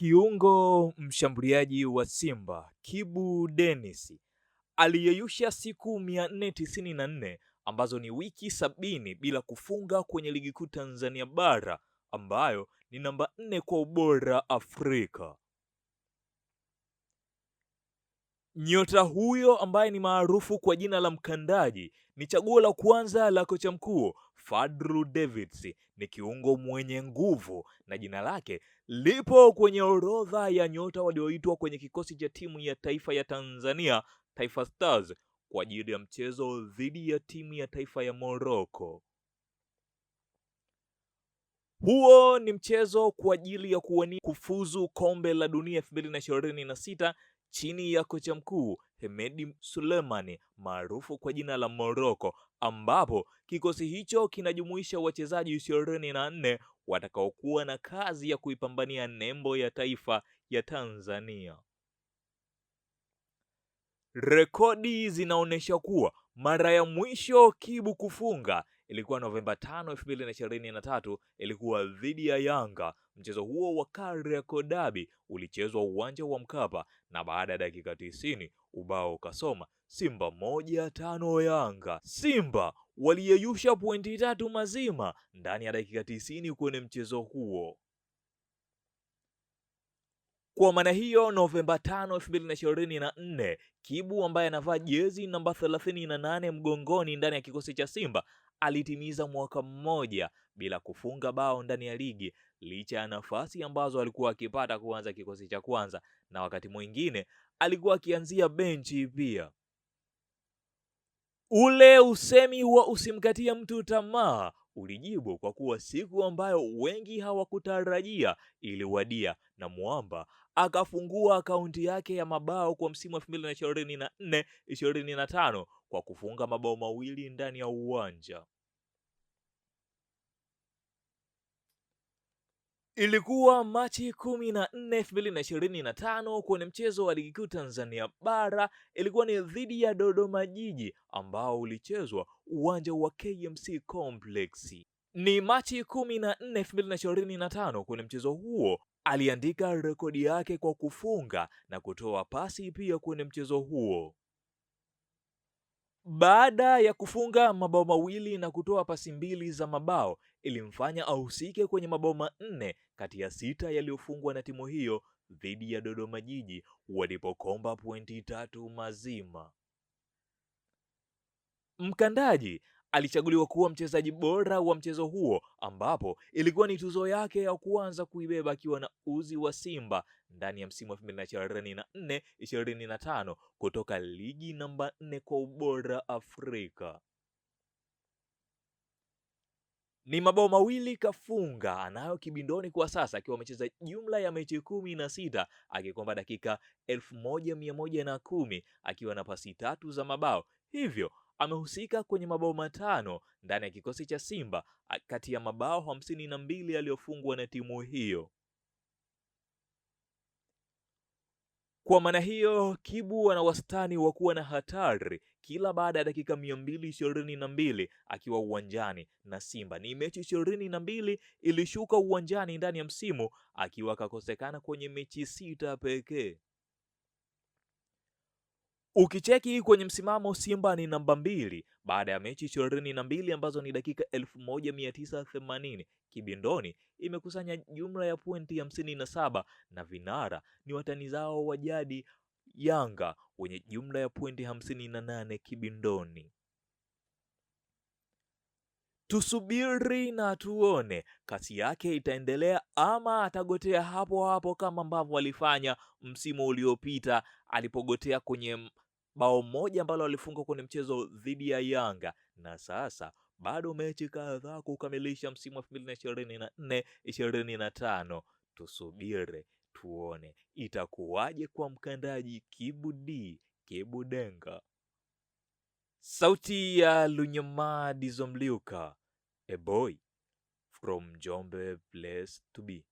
Kiungo mshambuliaji wa Simba Kibu Denis aliyeyusha siku 494 ambazo ni wiki sabini bila kufunga kwenye Ligi Kuu Tanzania Bara ambayo ni namba nne kwa ubora Afrika. Nyota huyo ambaye ni maarufu kwa jina la mkandaji ni chaguo la kwanza la kocha mkuu Fadlu Davids. Ni kiungo mwenye nguvu na jina lake lipo kwenye orodha ya nyota walioitwa kwenye kikosi cha timu ya taifa ya Tanzania Taifa Stars kwa ajili ya mchezo dhidi ya timu ya taifa ya Morocco. Huo ni mchezo kwa ajili ya kuwania kufuzu kombe la dunia 2026 chini ya kocha mkuu Hemedi Sulemani maarufu kwa jina la Morocco, ambapo kikosi hicho kinajumuisha wachezaji ishirini na nne watakaokuwa na kazi ya kuipambania nembo ya taifa ya Tanzania. Rekodi zinaonyesha kuwa mara ya mwisho Kibu kufunga ilikuwa Novemba 5, 2023, ilikuwa dhidi ya Yanga. Mchezo huo wa Kariakoo Derby ulichezwa uwanja wa Mkapa na baada ya dakika 90 ubao ukasoma Simba moja tano Yanga. Simba waliyeyusha pointi tatu mazima ndani ya dakika 90 kwenye mchezo huo. Kwa maana hiyo, Novemba 5, 2024, Kibu ambaye anavaa jezi namba 38 mgongoni ndani ya kikosi cha Simba alitimiza mwaka mmoja bila kufunga bao ndani ya ligi licha ya nafasi ambazo alikuwa akipata kuanza kikosi cha kwanza na wakati mwingine alikuwa akianzia benchi pia. Ule usemi wa usimkatie mtu tamaa ulijibu kwa kuwa siku ambayo wengi hawakutarajia iliwadia na Mwamba akafungua akaunti yake ya mabao kwa msimu wa 2024 25 kwa kufunga mabao mawili ndani ya uwanja. Ilikuwa Machi kumi na nne na tano kwenye mchezo wa ligi kuu Tanzania bara, ilikuwa ni dhidi ya Dodoma Jiji ambao ulichezwa uwanja wa KMC Complex. Ni Machi kumi na tano kwenye mchezo huo aliandika rekodi yake kwa kufunga na kutoa pasi pia kwenye mchezo huo. Baada ya kufunga mabao mawili na kutoa pasi mbili za mabao, ilimfanya ahusike kwenye mabao manne kati ya sita yaliyofungwa na timu hiyo dhidi ya Dodoma Jiji walipokomba pointi tatu mazima. Mkandaji alichaguliwa kuwa mchezaji bora wa mchezo huo ambapo ilikuwa ni tuzo yake ya kuanza kuibeba akiwa na uzi wa Simba ndani ya msimu wa 2024 2025 kutoka ligi namba 4 kwa ubora Afrika. Ni mabao mawili kafunga anayo kibindoni kwa sasa akiwa amecheza jumla ya mechi kumi na sita akikomba dakika elfu moja mia moja na kumi akiwa na pasi tatu za mabao hivyo amehusika kwenye mabao matano ndani ya kikosi cha Simba kati ya mabao hamsini na mbili yaliyofungwa na timu hiyo. Kwa maana hiyo, Kibu ana wastani wa kuwa na hatari kila baada ya dakika mia mbili ishirini na mbili akiwa uwanjani na Simba. Ni mechi ishirini na mbili ilishuka uwanjani ndani ya msimu akiwa akakosekana kwenye mechi sita pekee. Ukicheki kwenye msimamo Simba ni namba mbili baada ya mechi ishirini na mbili ambazo ni dakika 1980 kibindoni, imekusanya jumla ya pointi hamsini na saba na vinara ni watani zao wa jadi Yanga wenye jumla ya pointi hamsini na nane kibindoni. Tusubiri na tuone kasi yake itaendelea ama atagotea hapo hapo kama ambavyo alifanya msimu uliopita alipogotea kwenye bao moja ambalo walifunga kwenye mchezo dhidi ya Yanga na sasa bado mechi kadhaa kukamilisha msimu wa 2024 25. Tusubire tuone itakuwaje kwa mkandaji Kibudi Kibudenga. Sauti ya Lunyamadi Dizomliuka, a boy from Jombe place to be.